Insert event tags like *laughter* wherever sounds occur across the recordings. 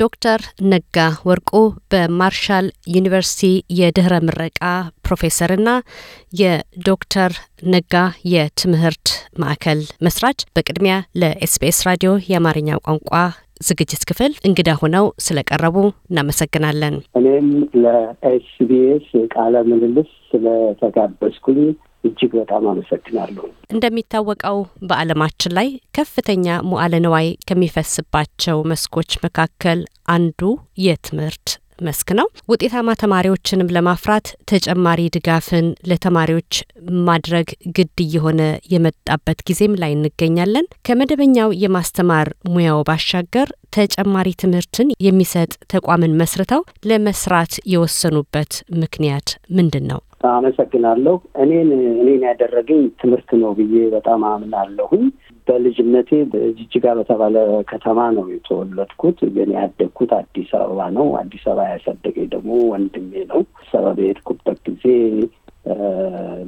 ዶክተር ነጋ ወርቁ በማርሻል ዩኒቨርሲቲ የድህረ ምረቃ ፕሮፌሰርና የዶክተር ነጋ የትምህርት ማዕከል መስራች በቅድሚያ ለኤስቢኤስ ራዲዮ የአማርኛ ቋንቋ ዝግጅት ክፍል እንግዳ ሆነው ስለቀረቡ እናመሰግናለን። እኔም ለኤስቢኤስ ቃለ ምልልስ ስለተጋበዝኩኝ እጅግ በጣም አመሰግናለሁ። እንደሚታወቀው በዓለማችን ላይ ከፍተኛ መዋዕለ ንዋይ ከሚፈስባቸው መስኮች መካከል አንዱ የትምህርት መስክ ነው። ውጤታማ ተማሪዎችንም ለማፍራት ተጨማሪ ድጋፍን ለተማሪዎች ማድረግ ግድ እየሆነ የመጣበት ጊዜም ላይ እንገኛለን። ከመደበኛው የማስተማር ሙያው ባሻገር ተጨማሪ ትምህርትን የሚሰጥ ተቋምን መስርተው ለመስራት የወሰኑበት ምክንያት ምንድን ነው? አመሰግናለሁ። እኔን እኔን ያደረገኝ ትምህርት ነው ብዬ በጣም አምናለሁኝ። በልጅነቴ በጅጅጋ በተባለ ከተማ ነው የተወለድኩት፣ ግን ያደግኩት አዲስ አበባ ነው። አዲስ አበባ ያሳደገኝ ደግሞ ወንድሜ ነው። ሰበብ የሄድኩበት ጊዜ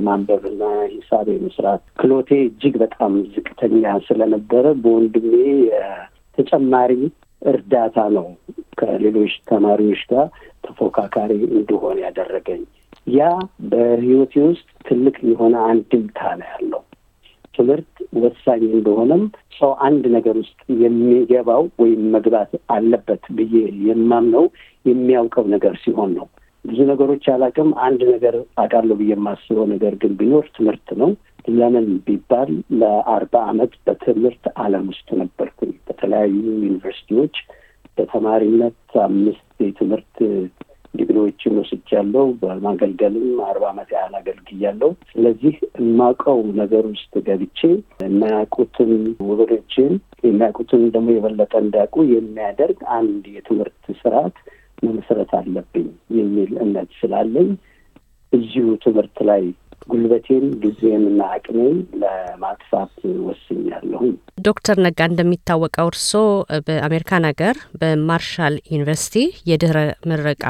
ማንበብና ሂሳብ የመስራት ክሎቴ እጅግ በጣም ዝቅተኛ ስለነበረ በወንድሜ ተጨማሪ እርዳታ ነው ከሌሎች ተማሪዎች ጋር ተፎካካሪ እንድሆን ያደረገኝ። ያ በህይወቴ ውስጥ ትልቅ የሆነ አንድምታ ነው ያለው። ትምህርት ወሳኝ እንደሆነም ሰው አንድ ነገር ውስጥ የሚገባው ወይም መግባት አለበት ብዬ የማምነው የሚያውቀው ነገር ሲሆን ነው። ብዙ ነገሮች አላውቅም፣ አንድ ነገር አውቃለሁ ብዬ የማስበው ነገር ግን ቢኖር ትምህርት ነው። ለምን ቢባል ለአርባ ዓመት በትምህርት ዓለም ውስጥ ነበርኩኝ። በተለያዩ ዩኒቨርሲቲዎች በተማሪነት አምስት የትምህርት ዲግሪዎችን ወስጃለሁ። በማገልገልም አርባ አመት ያህል አገልግያለሁ። ስለዚህ የማውቀው ነገር ውስጥ ገብቼ የማያውቁትን ወገኖችን የሚያውቁትን ደግሞ የበለጠ እንዲያውቁ የሚያደርግ አንድ የትምህርት ስርዓት መመሰረት አለብኝ የሚል እምነት ስላለኝ እዚሁ ትምህርት ላይ ጉልበቴን ጊዜንና አቅሜን ለማጥፋት ወስኛለሁ። ዶክተር ነጋ እንደሚታወቀው እርስዎ በአሜሪካን ሀገር በማርሻል ዩኒቨርሲቲ የድህረ ምረቃ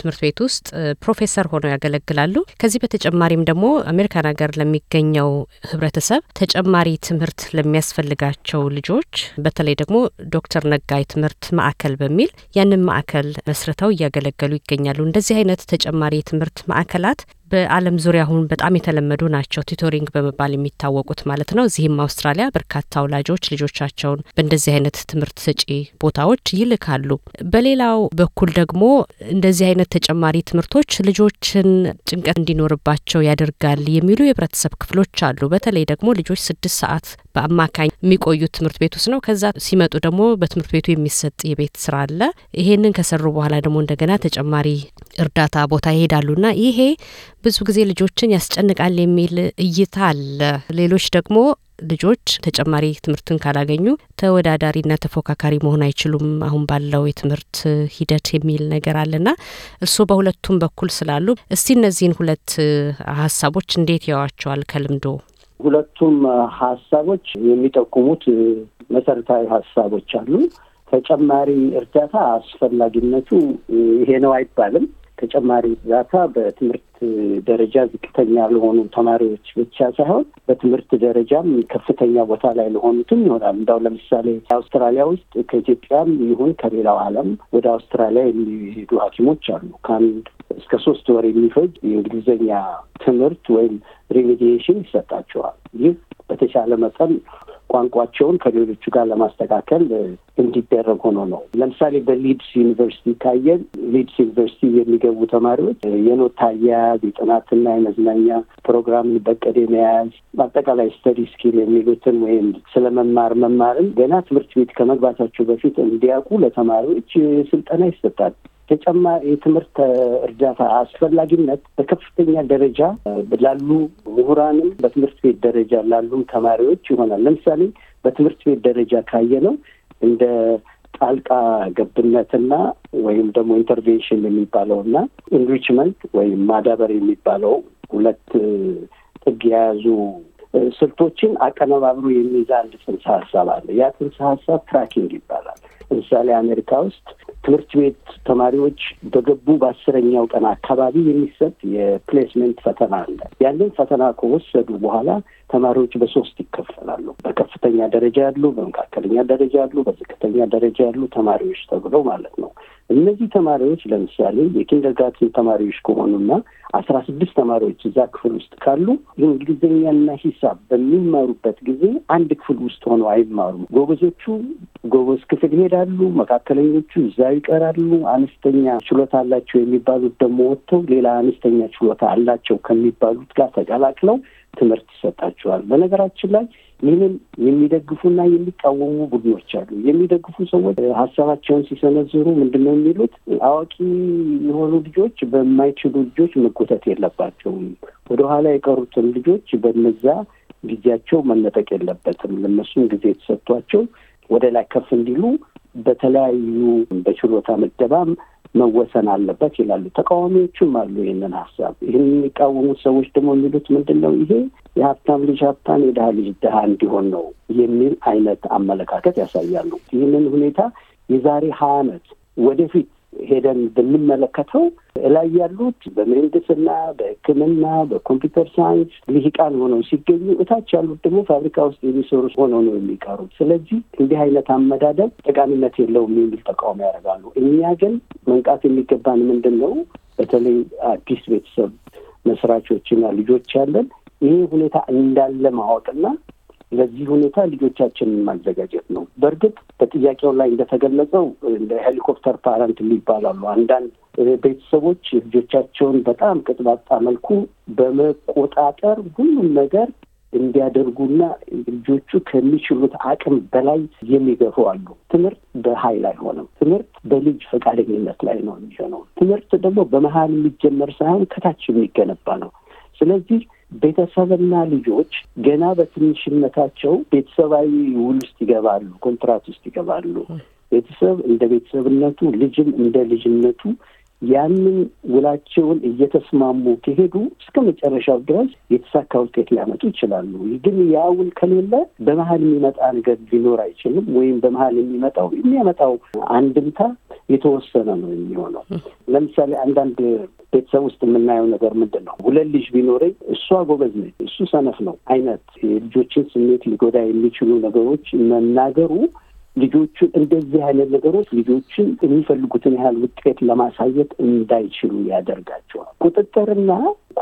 ትምህርት ቤት ውስጥ ፕሮፌሰር ሆነው ያገለግላሉ። ከዚህ በተጨማሪም ደግሞ አሜሪካን ሀገር ለሚገኘው ህብረተሰብ ተጨማሪ ትምህርት ለሚያስፈልጋቸው ልጆች በተለይ ደግሞ ዶክተር ነጋ የትምህርት ማዕከል በሚል ያንን ማዕከል መስርተው እያገለገሉ ይገኛሉ። እንደዚህ አይነት ተጨማሪ የትምህርት ማዕከላት በዓለም ዙሪያ አሁን በጣም የተለመዱ ናቸው፣ ቲቶሪንግ በመባል የሚታወቁት ማለት ነው። እዚህም አውስትራሊያ በርካታ ወላጆች ልጆቻቸውን በእንደዚህ አይነት ትምህርት ሰጪ ቦታዎች ይልካሉ። በሌላው በኩል ደግሞ እንደዚህ አይነት ተጨማሪ ትምህርቶች ልጆችን ጭንቀት እንዲኖርባቸው ያደርጋል የሚሉ የህብረተሰብ ክፍሎች አሉ። በተለይ ደግሞ ልጆች ስድስት ሰዓት በአማካኝ የሚቆዩት ትምህርት ቤት ውስጥ ነው። ከዛ ሲመጡ ደግሞ በትምህርት ቤቱ የሚሰጥ የቤት ስራ አለ። ይሄንን ከሰሩ በኋላ ደግሞ እንደገና ተጨማሪ እርዳታ ቦታ ይሄዳሉና ይሄ ብዙ ጊዜ ልጆችን ያስጨንቃል የሚል እይታ አለ። ሌሎች ደግሞ ልጆች ተጨማሪ ትምህርትን ካላገኙ ተወዳዳሪና ተፎካካሪ መሆን አይችሉም አሁን ባለው የትምህርት ሂደት የሚል ነገር አለና እርስዎ በሁለቱም በኩል ስላሉ እስቲ እነዚህን ሁለት ሀሳቦች እንዴት ያዋቸዋል ከልምዶ? ሁለቱም ሀሳቦች የሚጠቁሙት መሰረታዊ ሀሳቦች አሉ። ተጨማሪ እርዳታ አስፈላጊነቱ ይሄ ነው አይባልም። ተጨማሪ እርዳታ በትምህርት ደረጃ ዝቅተኛ ለሆኑ ተማሪዎች ብቻ ሳይሆን በትምህርት ደረጃም ከፍተኛ ቦታ ላይ ለሆኑትም ይሆናል። እንዳው ለምሳሌ አውስትራሊያ ውስጥ ከኢትዮጵያም ይሁን ከሌላው ዓለም ወደ አውስትራሊያ የሚሄዱ ሐኪሞች አሉ። ከአንድ እስከ ሶስት ወር የሚፈጅ የእንግሊዝኛ ትምህርት ወይም ሪሚዲሽን ይሰጣቸዋል። ይህ በተቻለ መጠን ቋንቋቸውን ከሌሎቹ ጋር ለማስተካከል እንዲደረግ ሆኖ ነው። ለምሳሌ በሊድስ ዩኒቨርሲቲ ካየን ሊድስ ዩኒቨርሲቲ የሚገቡ ተማሪዎች የኖት አያያዝ፣ የጥናትና የመዝናኛ ፕሮግራምን በቀደ መያዝ፣ በአጠቃላይ ስተዲ ስኪል የሚሉትን ወይም ስለ መማር መማርን ገና ትምህርት ቤት ከመግባታቸው በፊት እንዲያውቁ ለተማሪዎች ስልጠና ይሰጣል። ተጨማሪ የትምህርት እርዳታ አስፈላጊነት በከፍተኛ ደረጃ ላሉ ምሁራንም በትምህርት ቤት ደረጃ ላሉም ተማሪዎች ይሆናል። ለምሳሌ በትምህርት ቤት ደረጃ ካየነው እንደ ጣልቃ ገብነትና ወይም ደግሞ ኢንተርቬንሽን የሚባለውና ኢንሪችመንት ወይም ማዳበር የሚባለው ሁለት ጥግ የያዙ ስልቶችን አቀነባብሮ የሚይዝ አንድ ጽንሰ ሀሳብ አለ። ያ ጽንሰ ሀሳብ ትራኪንግ ይባላል። ለምሳሌ አሜሪካ ውስጥ ትምህርት ቤት ተማሪዎች በገቡ በአስረኛው ቀን አካባቢ የሚሰጥ የፕሌስመንት ፈተና አለ። ያንን ፈተና ከወሰዱ በኋላ ተማሪዎች በሶስት ይከፈላሉ። በከፍተኛ ደረጃ ያሉ፣ በመካከለኛ ደረጃ ያሉ፣ በዝቅተኛ ደረጃ ያሉ ተማሪዎች ተብሎ ማለት ነው። እነዚህ ተማሪዎች ለምሳሌ የኪንደርጋርተን ተማሪዎች ከሆኑና አስራ ስድስት ተማሪዎች እዛ ክፍል ውስጥ ካሉ እንግሊዝኛና ሂሳብ በሚማሩበት ጊዜ አንድ ክፍል ውስጥ ሆነው አይማሩም። ጎበዞቹ ጎበዝ ክፍል ይሄዳሉ፣ መካከለኞቹ እዛ ይቀራሉ፣ አነስተኛ ችሎታ አላቸው የሚባሉት ደግሞ ወጥተው ሌላ አነስተኛ ችሎታ አላቸው ከሚባሉት ጋር ተቀላቅለው ትምህርት ይሰጣቸዋል። በነገራችን ላይ ይህንን የሚደግፉና የሚቃወሙ ቡድኖች አሉ። የሚደግፉ ሰዎች ሀሳባቸውን ሲሰነዝሩ ምንድን ነው የሚሉት? አዋቂ የሆኑ ልጆች በማይችሉ ልጆች መጎተት የለባቸውም። ወደኋላ የቀሩትን ልጆች በነዛ ጊዜያቸው መነጠቅ የለበትም። ለነሱም ጊዜ የተሰጥቷቸው ወደ ላይ ከፍ እንዲሉ በተለያዩ በችሎታ መደባም መወሰን አለበት ይላሉ። ተቃዋሚዎቹም አሉ ይህንን ሀሳብ። ይህን የሚቃወሙት ሰዎች ደግሞ የሚሉት ምንድን ነው? ይሄ የሀብታም ልጅ ሀብታም፣ የድሀ ልጅ ድሃ እንዲሆን ነው የሚል አይነት አመለካከት ያሳያሉ። ይህንን ሁኔታ የዛሬ ሀያ ዓመት ወደፊት ሄደን ብንመለከተው እላይ ያሉት በምህንድስና፣ በሕክምና፣ በኮምፒውተር ሳይንስ ልሂቃን ሆነው ሲገኙ እታች ያሉት ደግሞ ፋብሪካ ውስጥ የሚሰሩ ሆነው ነው የሚቀሩት። ስለዚህ እንዲህ አይነት አመዳደብ ጠቃሚነት የለውም የሚል ተቃውሞ ያደርጋሉ። እኛ ግን መንቃት የሚገባን ምንድን ነው? በተለይ አዲስ ቤተሰብ መስራቾችና ልጆች ያለን ይህ ሁኔታ እንዳለ ማወቅና ለዚህ ሁኔታ ልጆቻችንን ማዘጋጀት ነው። በእርግጥ በጥያቄው ላይ እንደተገለጸው እንደ ሄሊኮፕተር ፓረንት የሚባላሉ አንዳንድ ቤተሰቦች ልጆቻቸውን በጣም ቅጥባጣ መልኩ በመቆጣጠር ሁሉም ነገር እንዲያደርጉና ልጆቹ ከሚችሉት አቅም በላይ የሚገፉ አሉ። ትምህርት በኃይል አይሆንም። ትምህርት በልጅ ፈቃደኝነት ላይ ነው የሚሆነው። ትምህርት ደግሞ በመሀል የሚጀመር ሳይሆን ከታች የሚገነባ ነው። ስለዚህ ቤተሰብና ልጆች ገና በትንሽነታቸው ቤተሰባዊ ውል ውስጥ ይገባሉ፣ ኮንትራት ውስጥ ይገባሉ። ቤተሰብ እንደ ቤተሰብነቱ፣ ልጅም እንደ ልጅነቱ ያንን ውላቸውን እየተስማሙ ከሄዱ እስከ መጨረሻው ድረስ የተሳካ ውጤት ሊያመጡ ይችላሉ። ግን ያ ውል ከሌለ በመሀል የሚመጣ ነገር ሊኖር አይችልም። ወይም በመሀል የሚመጣው የሚያመጣው አንድምታ የተወሰነ ነው የሚሆነው። ለምሳሌ አንዳንድ ቤተሰብ ውስጥ የምናየው ነገር ምንድን ነው? ሁለት ልጅ ቢኖረኝ እሷ ጎበዝ ነች፣ እሱ ሰነፍ ነው አይነት የልጆችን ስሜት ሊጎዳ የሚችሉ ነገሮች መናገሩ ልጆቹን እንደዚህ አይነት ነገሮች ልጆችን የሚፈልጉትን ያህል ውጤት ለማሳየት እንዳይችሉ ያደርጋቸዋል። ቁጥጥርና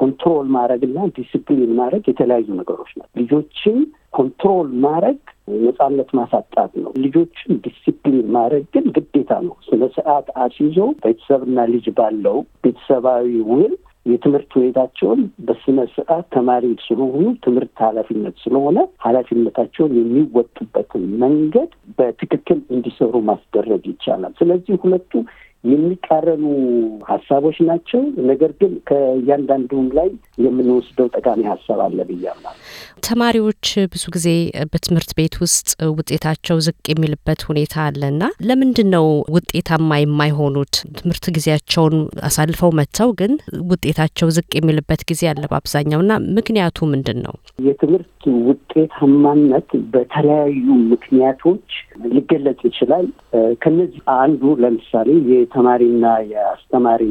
ኮንትሮል ማድረግና ዲስፕሊን ማድረግ የተለያዩ ነገሮች ናቸው። ልጆችን ኮንትሮል ማድረግ ነጻነት ማሳጣት ነው። ልጆችን ዲሲፕሊን ማድረግ ግን ግዴታ ነው። ስነ ስርዓት አስይዞ ቤተሰብና ልጅ ባለው ቤተሰባዊ ውል የትምህርት ሁኔታቸውን በስነ ስርዓት ተማሪ ስለሆኑ ትምህርት ኃላፊነት ስለሆነ ኃላፊነታቸውን የሚወጡበትን መንገድ በትክክል እንዲሰሩ ማስደረግ ይቻላል። ስለዚህ ሁለቱ የሚቃረኑ ሀሳቦች ናቸው። ነገር ግን ከእያንዳንዱም ላይ የምንወስደው ጠቃሚ ሀሳብ አለ ብዬ ተማሪዎች ብዙ ጊዜ በትምህርት ቤት ውስጥ ውጤታቸው ዝቅ የሚልበት ሁኔታ አለና ለምንድን ነው ውጤታማ የማይሆኑት? ትምህርት ጊዜያቸውን አሳልፈው መጥተው ግን ውጤታቸው ዝቅ የሚልበት ጊዜ አለ በአብዛኛው እና ምክንያቱ ምንድን ነው? የትምህርት ውጤታማነት በተለያዩ ምክንያቶች ሊገለጽ ይችላል። ከነዚህ አንዱ ለምሳሌ የተማሪና የአስተማሪ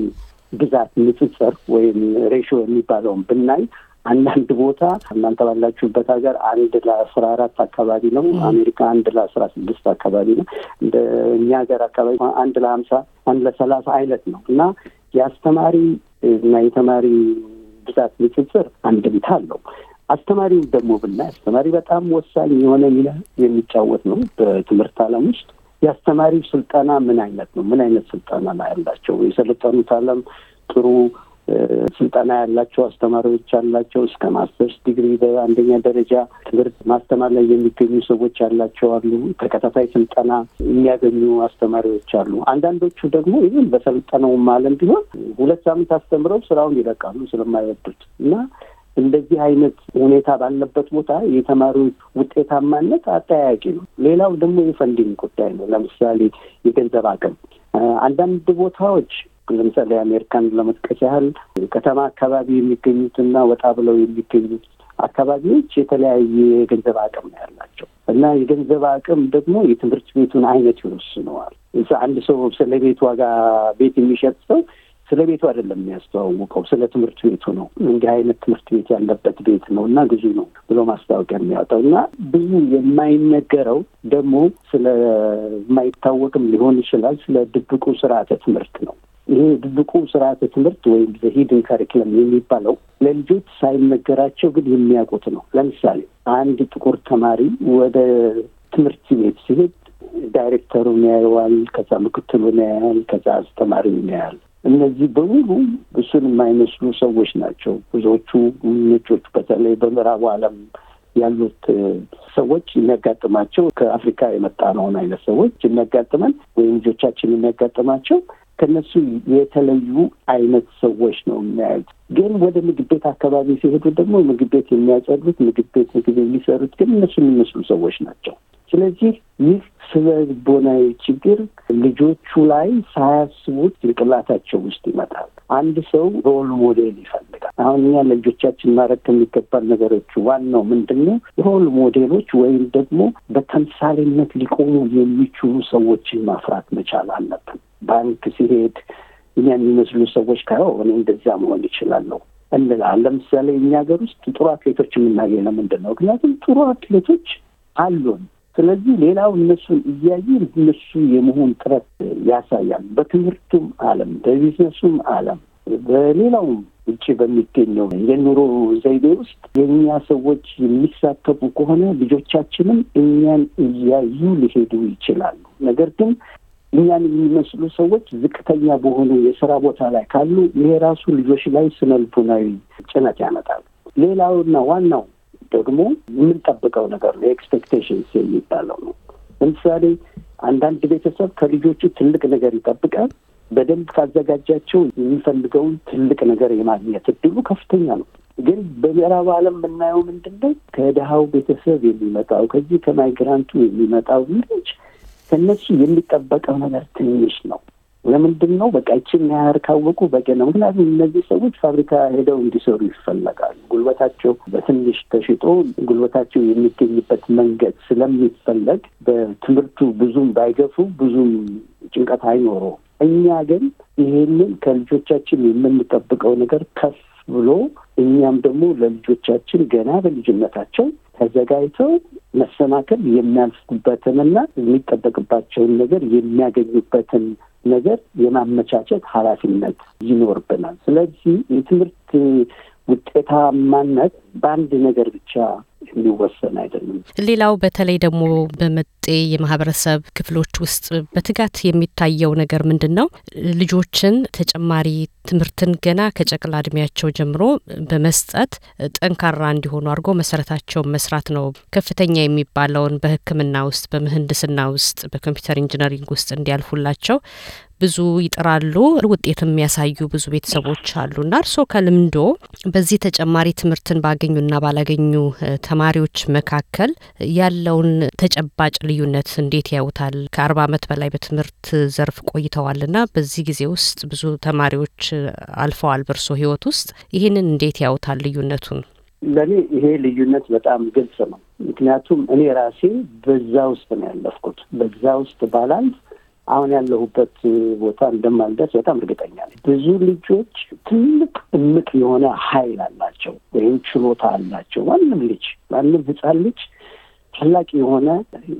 ብዛት ንጽጽር ወይም ሬሽዮ የሚባለውን ብናይ አንዳንድ ቦታ እናንተ ባላችሁበት ሀገር አንድ ለአስራ አራት አካባቢ ነው። አሜሪካ አንድ ለአስራ ስድስት አካባቢ ነው። እንደ እኛ ሀገር አካባቢ አንድ ለሀምሳ አንድ ለሰላሳ አይነት ነው እና የአስተማሪ እና የተማሪ ብዛት ንጽጽር አንድምታ አለው። አስተማሪው ደግሞ ብናይ አስተማሪ በጣም ወሳኝ የሆነ ሚና የሚጫወት ነው በትምህርት ዓለም ውስጥ የአስተማሪ ስልጠና ምን አይነት ነው? ምን አይነት ስልጠና ላይ ያላቸው የሰለጠኑት አለም ጥሩ ስልጠና ያላቸው አስተማሪዎች ያላቸው እስከ ማስተርስ ዲግሪ በአንደኛ ደረጃ ትምህርት ማስተማር ላይ የሚገኙ ሰዎች ያላቸው አሉ። ተከታታይ ስልጠና የሚያገኙ አስተማሪዎች አሉ። አንዳንዶቹ ደግሞ ይህን በሰልጠናውም አለም ቢሆን ሁለት ሳምንት አስተምረው ስራውን ይለቃሉ ስለማይወዱት እና እንደዚህ አይነት ሁኔታ ባለበት ቦታ የተማሪዎች ውጤታማነት አጠያያቂ ነው። ሌላው ደግሞ የፈንዲንግ ጉዳይ ነው። ለምሳሌ የገንዘብ አቅም አንዳንድ ቦታዎች ለምሳሌ አሜሪካን ለመጥቀስ ያህል ከተማ አካባቢ የሚገኙትና ወጣ ብለው የሚገኙት አካባቢዎች የተለያየ የገንዘብ አቅም ነው ያላቸው እና የገንዘብ አቅም ደግሞ የትምህርት ቤቱን አይነት ይወስነዋል። አንድ ሰው ስለ ቤት ዋጋ ቤት የሚሸጥ ሰው ስለ ቤቱ አይደለም የሚያስተዋውቀው፣ ስለ ትምህርት ቤቱ ነው። እንዲህ አይነት ትምህርት ቤት ያለበት ቤት ነው እና ግዙ ነው ብሎ ማስታወቂያ የሚያወጣው እና ብዙ የማይነገረው ደግሞ ስለማይታወቅም ሊሆን ይችላል ስለ ድብቁ ስርዓተ ትምህርት ነው። ይሄ ድብቁ ስርዓተ ትምህርት ወይም ዘሂድን ካሪክለም የሚባለው ለልጆች ሳይነገራቸው ግን የሚያውቁት ነው። ለምሳሌ አንድ ጥቁር ተማሪ ወደ ትምህርት ቤት ሲሄድ ዳይሬክተሩን ያየዋል፣ ከዛ ምክትሉን ያያል፣ ከዛ አስተማሪውን ያያል። እነዚህ በሙሉ እሱን የማይመስሉ ሰዎች ናቸው። ብዙዎቹ ነጮቹ በተለይ በምዕራቡ ዓለም ያሉት ሰዎች የሚያጋጥማቸው ከአፍሪካ የመጣ ነውን አይነት ሰዎች የሚያጋጥመን ወይም ልጆቻችን የሚያጋጥማቸው ከነሱ የተለዩ አይነት ሰዎች ነው የሚያዩት። ግን ወደ ምግብ ቤት አካባቢ ሲሄዱ ደግሞ ምግብ ቤት የሚያጸዱት፣ ምግብ ቤት ምግብ የሚሰሩት ግን እነሱ የሚመስሉ ሰዎች ናቸው። ስለዚህ ይህ ስነ ልቦናዊ ችግር ልጆቹ ላይ ሳያስቡት ጭንቅላታቸው ውስጥ ይመጣል። አንድ ሰው ሮል ሞዴል ይፈልጋል። አሁን እኛ ለልጆቻችን ማድረግ ከሚገባል ነገሮች ዋናው ምንድን ነው? ሮል ሞዴሎች ወይም ደግሞ በተምሳሌነት ሊቆሙ የሚችሉ ሰዎችን ማፍራት መቻል አለብን። ባንክ ሲሄድ እኛ የሚመስሉ ሰዎች ካየው እኔ እንደዚያ መሆን ይችላለሁ እንላል። ለምሳሌ እኛ ሀገር ውስጥ ጥሩ አትሌቶች የምናገኝ ነው ምንድን ነው? ምክንያቱም ጥሩ አትሌቶች አሉን ስለዚህ ሌላው እነሱን እያየ እነሱ የመሆን ጥረት ያሳያል። በትምህርቱም ዓለም በቢዝነሱም ዓለም በሌላውም ውጭ በሚገኘው የኑሮ ዘይቤ ውስጥ የእኛ ሰዎች የሚሳተፉ ከሆነ ልጆቻችንም እኛን እያዩ ሊሄዱ ይችላሉ። ነገር ግን እኛን የሚመስሉ ሰዎች ዝቅተኛ በሆኑ የስራ ቦታ ላይ ካሉ ይሄ ራሱ ልጆች ላይ ስነልቡናዊ ጭነት ያመጣል። ሌላውና ዋናው ደግሞ የምንጠብቀው ነገር ነው፣ ኤክስፔክቴሽንስ የሚባለው ነው። ለምሳሌ አንዳንድ ቤተሰብ ከልጆቹ ትልቅ ነገር ይጠብቃል። በደንብ ካዘጋጃቸው የሚፈልገውን ትልቅ ነገር የማግኘት እድሉ ከፍተኛ ነው። ግን በምዕራብ ዓለም የምናየው ምንድን ነው? ከድሃው ቤተሰብ የሚመጣው ከዚህ ከማይግራንቱ የሚመጣው ልጅ ከነሱ የሚጠበቀው ነገር ትንሽ ነው። ለምንድን ነው በቃ ይችን ያህል ካወቁ በቂ ነው። ምክንያቱም እነዚህ ሰዎች ፋብሪካ ሄደው እንዲሰሩ ይፈለጋሉ። ጉልበታቸው በትንሽ ተሽጦ ጉልበታቸው የሚገኝበት መንገድ ስለሚፈለግ በትምህርቱ ብዙም ባይገፉ ብዙም ጭንቀት አይኖሩ እኛ ግን ይሄንን ከልጆቻችን የምንጠብቀው ነገር ከፍ ብሎ እኛም ደግሞ ለልጆቻችን ገና በልጅነታቸው ተዘጋጅተው መሰናከል የሚያልፉበትንና የሚጠበቅባቸውን ነገር የሚያገኙበትን ነገር የማመቻቸት ኃላፊነት ይኖርብናል። ስለዚህ የትምህርት ውጤታማነት በአንድ ነገር ብቻ የሚወሰን አይደለም። ሌላው በተለይ ደግሞ በመጤ የማህበረሰብ ክፍሎች ውስጥ በትጋት የሚታየው ነገር ምንድን ነው? ልጆችን ተጨማሪ ትምህርትን ገና ከጨቅላ እድሜያቸው ጀምሮ በመስጠት ጠንካራ እንዲሆኑ አድርጎ መሰረታቸውን መስራት ነው። ከፍተኛ የሚባለውን በሕክምና ውስጥ፣ በምህንድስና ውስጥ፣ በኮምፒውተር ኢንጂነሪንግ ውስጥ እንዲያልፉላቸው ብዙ ይጥራሉ፣ ውጤት የሚያሳዩ ብዙ ቤተሰቦች እና እርስዎ ከልምዶ በዚህ ተጨማሪ ትምህርትን ባገኙና ባላገኙ ተማሪዎች መካከል ያለውን ተጨባጭ ልዩነት እንዴት ያዩታል? ከአርባ ዓመት በላይ በትምህርት ዘርፍ ቆይተዋልና በዚህ ጊዜ ውስጥ ብዙ ተማሪዎች አልፈዋል በርሶ ህይወት ውስጥ ይህንን እንዴት ያዩታል ልዩነቱን? ለእኔ ይሄ ልዩነት በጣም ግልጽ ነው። ምክንያቱም እኔ ራሴ በዛ ውስጥ ነው ያለፍኩት። በዛ ውስጥ ባላልፍ አሁን ያለሁበት ቦታ እንደማልደርስ በጣም እርግጠኛ ነኝ። ብዙ ልጆች ትልቅ እምቅ የሆነ ኃይል አላቸው ወይም ችሎታ አላቸው። ማንም ልጅ ማንም ህፃን ልጅ ታላቅ የሆነ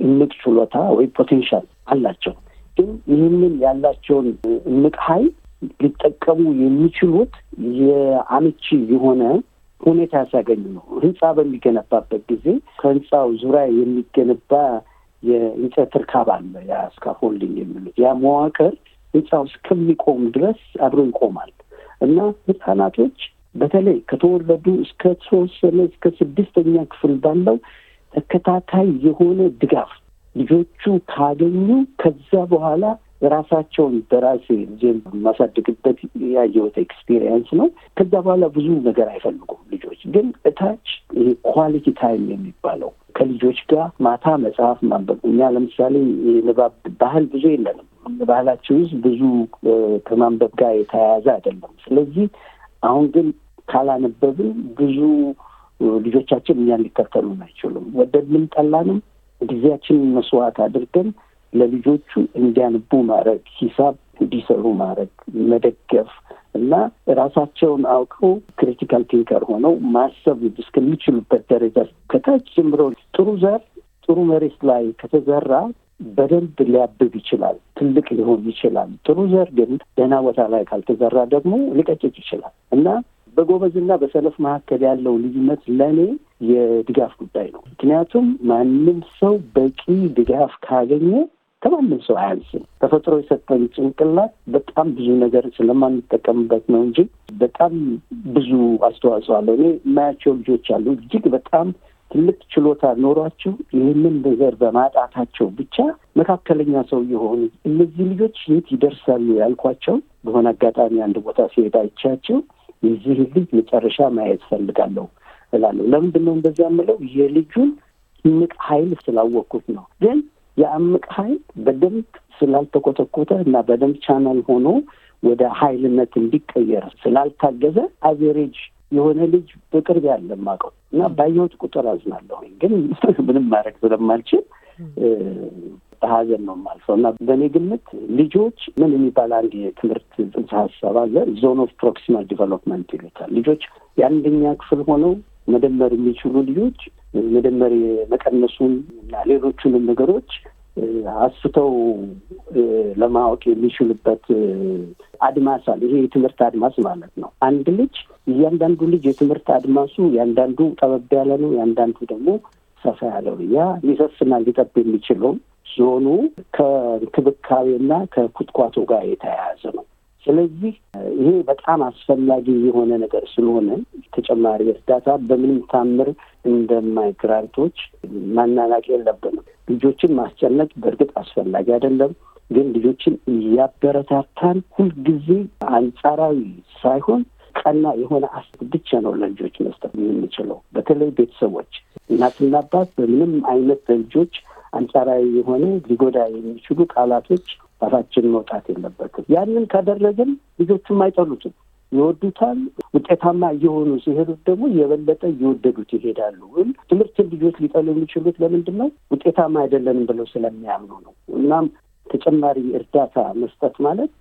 እምቅ ችሎታ ወይም ፖቴንሻል አላቸው። ግን ይህንን ያላቸውን እምቅ ኃይል ሊጠቀሙ የሚችሉት የአመቺ የሆነ ሁኔታ ሲያገኙ ነው። ህንፃ በሚገነባበት ጊዜ ከህንፃው ዙሪያ የሚገነባ የእንጨት እርካብ አለ፣ ያ ስካፎልዲንግ የሚሉት ያ መዋቅር ህንፃው እስከሚቆም ድረስ አብሮ ይቆማል እና ህፃናቶች በተለይ ከተወለዱ እስከ ተወሰነ እስከ ስድስተኛ ክፍል ባለው ተከታታይ የሆነ ድጋፍ ልጆቹ ካገኙ ከዛ በኋላ ራሳቸውን በራሴ ልጄን ማሳድግበት ያየሁት ኤክስፒሪየንስ ነው። ከዛ በኋላ ብዙ ነገር አይፈልጉም ልጆች። ግን እታች ይሄ ኳሊቲ ታይም የሚባለው ከልጆች ጋር ማታ መጽሐፍ ማንበብ፣ እኛ ለምሳሌ የንባብ ባህል ብዙ የለንም። ባህላችን ውስጥ ብዙ ከማንበብ ጋር የተያያዘ አይደለም። ስለዚህ አሁን ግን ካላነበብን ብዙ ልጆቻችን እኛን ሊከተሉን አይችሉም። ወደድንም ጠላንም ጊዜያችንን መስዋዕት አድርገን ለልጆቹ እንዲያንቡ ማድረግ፣ ሂሳብ እንዲሰሩ ማድረግ፣ መደገፍ እና ራሳቸውን አውቀው ክሪቲካል ቲንከር ሆነው ማሰብ እስከሚችሉበት ደረጃ ከታች ጀምሮ ጥሩ ዘር ጥሩ መሬት ላይ ከተዘራ በደንብ ሊያብብ ይችላል፣ ትልቅ ሊሆን ይችላል። ጥሩ ዘር ግን ደህና ቦታ ላይ ካልተዘራ ደግሞ ሊቀጭጭ ይችላል እና በጎበዝና በሰነፍ መካከል ያለው ልዩነት ለእኔ የድጋፍ ጉዳይ ነው። ምክንያቱም ማንም ሰው በቂ ድጋፍ ካገኘ ከማንም ሰው አያንስም። ተፈጥሮ የሰጠን ጭንቅላት በጣም ብዙ ነገር ስለማንጠቀምበት ነው እንጂ በጣም ብዙ አስተዋጽኦ አለው። እኔ የማያቸው ልጆች አሉ እጅግ በጣም ትልቅ ችሎታ ኖሯቸው ይህንን ነገር በማጣታቸው ብቻ መካከለኛ ሰው የሆኑ እነዚህ ልጆች የት ይደርሳሉ ያልኳቸው በሆነ አጋጣሚ አንድ ቦታ ሲሄድ አይቻቸው የዚህ ልጅ መጨረሻ ማየት ፈልጋለሁ እላለሁ። ለምንድን ነው እንደዚያ የምለው? የልጁን ትልቅ ኃይል ስላወቅኩት ነው ግን የአምቅ ኃይል በደንብ ስላልተኮተኮተ እና በደንብ ቻናል ሆኖ ወደ ኃይልነት እንዲቀየር ስላልታገዘ አቬሬጅ የሆነ ልጅ በቅርብ ያለ ማቀው እና ባየሁት ቁጥር አዝናለሁ። ግን *laughs* ምንም ማድረግ ስለማልችል በሀዘን ነው የማልፈው እና በእኔ ግምት ልጆች ምን የሚባል አንድ የትምህርት ጽንሰ ሀሳብ አለ። ዞን ኦፍ ፕሮክሲማል ዲቨሎፕመንት ይሉታል። ልጆች የአንደኛ ክፍል ሆነው መደመር የሚችሉ ልጆች መደመር የመቀነሱን እና ሌሎቹንም ነገሮች አስተው ለማወቅ የሚችሉበት አድማስ አለ። ይሄ የትምህርት አድማስ ማለት ነው። አንድ ልጅ እያንዳንዱ ልጅ የትምህርት አድማሱ ያንዳንዱ ጠበብ ያለ ነው፣ ያንዳንዱ ደግሞ ሰፋ ያለው ያ ሊሰፍና ሊጠብ የሚችለው ዞኑ ከእንክብካቤና ከኩትኳቶ ጋር የተያያዘ ነው። ስለዚህ ይሄ በጣም አስፈላጊ የሆነ ነገር ስለሆነ ተጨማሪ እርዳታ በምንም ታምር እንደማይግራንቶች ማናናቅ የለብንም። ልጆችን ማስጨነቅ በእርግጥ አስፈላጊ አይደለም፣ ግን ልጆችን እያበረታታን ሁልጊዜ አንጻራዊ ሳይሆን ቀና የሆነ አስ ብቻ ነው ለልጆች መስጠት የምንችለው። በተለይ ቤተሰቦች፣ እናትና አባት በምንም አይነት ለልጆች አንጻራዊ የሆነ ሊጎዳ የሚችሉ ቃላቶች አፋችን መውጣት የለበትም። ያንን ካደረግን ልጆቹም አይጠሉትም። ይወዱታል። ውጤታማ እየሆኑ ሲሄዱት ደግሞ የበለጠ እየወደዱት ይሄዳሉ። ግን ትምህርትን ልጆች ሊጠሉ የሚችሉት ለምንድን ነው? ውጤታማ አይደለንም ብለው ስለሚያምኑ ነው። እናም ተጨማሪ እርዳታ መስጠት ማለት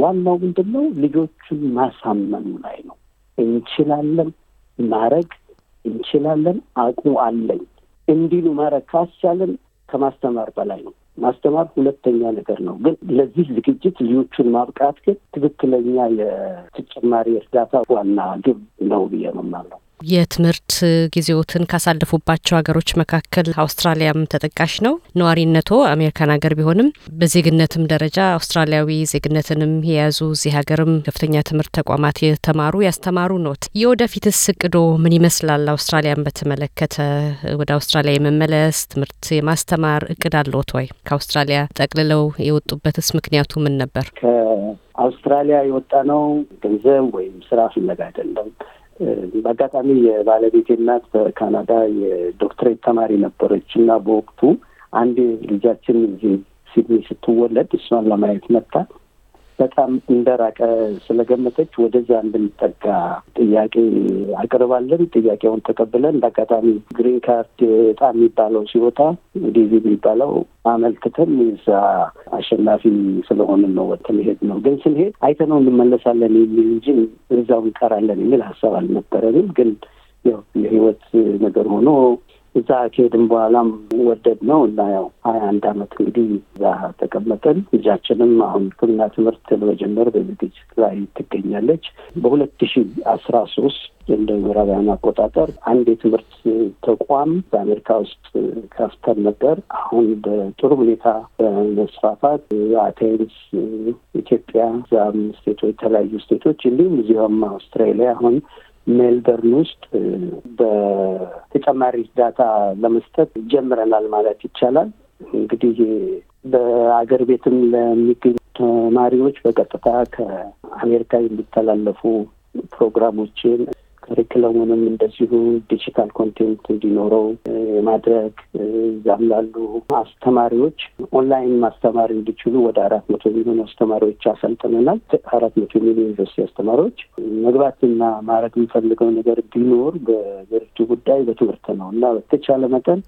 ዋናው ምንድን ነው? ልጆቹን ማሳመኑ ላይ ነው። እንችላለን ማረግ እንችላለን፣ አቅሙ አለኝ እንዲሉ ማረግ ካስቻለን ከማስተማር በላይ ነው። ማስተማር ሁለተኛ ነገር ነው። ግን ለዚህ ዝግጅት ልጆቹን ማብቃት ግን ትክክለኛ የተጨማሪ እርዳታ ዋና ግብ ነው ብዬ ነው የማምነው። የትምህርት ጊዜዎትን ካሳለፉባቸው ሀገሮች መካከል አውስትራሊያም ተጠቃሽ ነው። ነዋሪነቶ አሜሪካን ሀገር ቢሆንም በዜግነትም ደረጃ አውስትራሊያዊ ዜግነትንም የያዙ እዚህ ሀገርም ከፍተኛ ትምህርት ተቋማት የተማሩ ያስተማሩ ኖት። የወደፊትስ እቅዶ ምን ይመስላል? አውስትራሊያን በተመለከተ ወደ አውስትራሊያ የመመለስ ትምህርት የማስተማር እቅድ አለዎት ወይ? ከአውስትራሊያ ጠቅልለው የወጡበትስ ምክንያቱ ምን ነበር? ከአውስትራሊያ የወጣ ነው ገንዘብ ወይም ስራ ፍለጋ አይደለም። በአጋጣሚ የባለቤቴ እናት በካናዳ የዶክትሬት ተማሪ ነበረች እና በወቅቱ አንዴ ልጃችን እዚህ ሲድኒ ስትወለድ እሷን ለማየት መጣ። በጣም እንደራቀ ስለገመተች ወደዛ እንድንጠጋ ጥያቄ አቅርባለን። ጥያቄውን ተቀብለን በአጋጣሚ ግሪን ካርድ እጣ የሚባለው ሲወጣ ዲቪ የሚባለው አመልክተን የዛ አሸናፊ ስለሆንን ነው ወጥተን ሄድ ነው። ግን ስንሄድ አይተነው እንመለሳለን የሚል እንጂ እዛው እንቀራለን የሚል ሀሳብ አልነበረንም። ግን ያው የህይወት ነገር ሆኖ እዛ ከሄድን በኋላም ወደድ ነው እና ያው ሀያ አንድ አመት እንግዲህ እዛ ተቀመጠን። ልጃችንም አሁን ሕክምና ትምህርት ለመጀመር በዝግጅት ላይ ትገኛለች። በሁለት ሺ አስራ ሶስት እንደ ምዕራባውያን አቆጣጠር አንድ የትምህርት ተቋም በአሜሪካ ውስጥ ከፍተን ነበር። አሁን በጥሩ ሁኔታ በመስፋፋት አቴንስ፣ ኢትዮጵያ፣ ዛም ስቴቶች የተለያዩ ስቴቶች እንዲሁም እዚሁም አውስትራሊያ አሁን ሜልበርን ውስጥ በተጨማሪ እርዳታ ለመስጠት ጀምረናል ማለት ይቻላል። እንግዲህ በአገር ቤትም ለሚገኙ ተማሪዎች በቀጥታ ከአሜሪካ የሚተላለፉ ፕሮግራሞችን ከሪክለሙንም እንደዚሁ ዲጂታል ኮንቴንት እንዲኖረው የማድረግ እዛም ላሉ አስተማሪዎች ኦንላይን ማስተማር እንዲችሉ ወደ አራት መቶ የሚሆኑ አስተማሪዎች አሰልጥነናል። አራት መቶ የሚሆኑ ዩኒቨርሲቲ አስተማሪዎች መግባትና ማድረግ የሚፈልገው ነገር ቢኖር በሀገሪቱ ጉዳይ በትምህርት ነው እና በተቻለ መጠን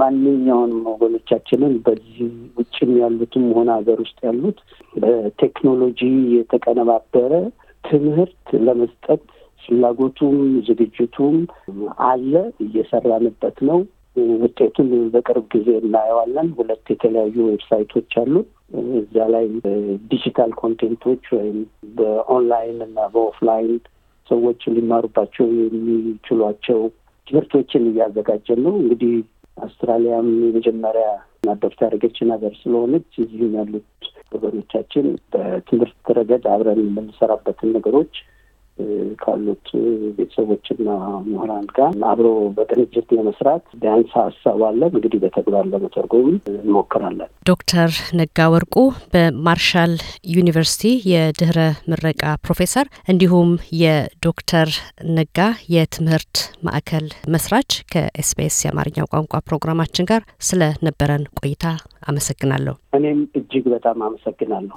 ማንኛውንም ወገኖቻችንን በዚህ ውጭም ያሉትም ሆነ ሀገር ውስጥ ያሉት በቴክኖሎጂ የተቀነባበረ ትምህርት ለመስጠት ፍላጎቱም ዝግጅቱም አለ። እየሰራንበት ነው። ውጤቱን በቅርብ ጊዜ እናየዋለን። ሁለት የተለያዩ ዌብሳይቶች አሉ። እዛ ላይ ዲጂታል ኮንቴንቶች ወይም በኦንላይን እና በኦፍላይን ሰዎች ሊማሩባቸው የሚችሏቸው ትምህርቶችን እያዘጋጀን ነው። እንግዲህ አውስትራሊያም የመጀመሪያ አዶፕት ያደረገች ሀገር ስለሆነች እዚህም ያሉት ወገኖቻችን በትምህርት ረገድ አብረን የምንሰራበትን ነገሮች ካሉት ቤተሰቦችና ምሁራን ጋር አብሮ በቅንጅት ለመስራት ቢያንስ ሀሳብ አለ። እንግዲህ በተግባር ለመተርጎም እንሞክራለን። ዶክተር ነጋ ወርቁ በማርሻል ዩኒቨርሲቲ የድህረ ምረቃ ፕሮፌሰር እንዲሁም የዶክተር ነጋ የትምህርት ማዕከል መስራች ከኤስቢኤስ የአማርኛ ቋንቋ ፕሮግራማችን ጋር ስለነበረን ቆይታ አመሰግናለሁ። እኔም እጅግ በጣም አመሰግናለሁ።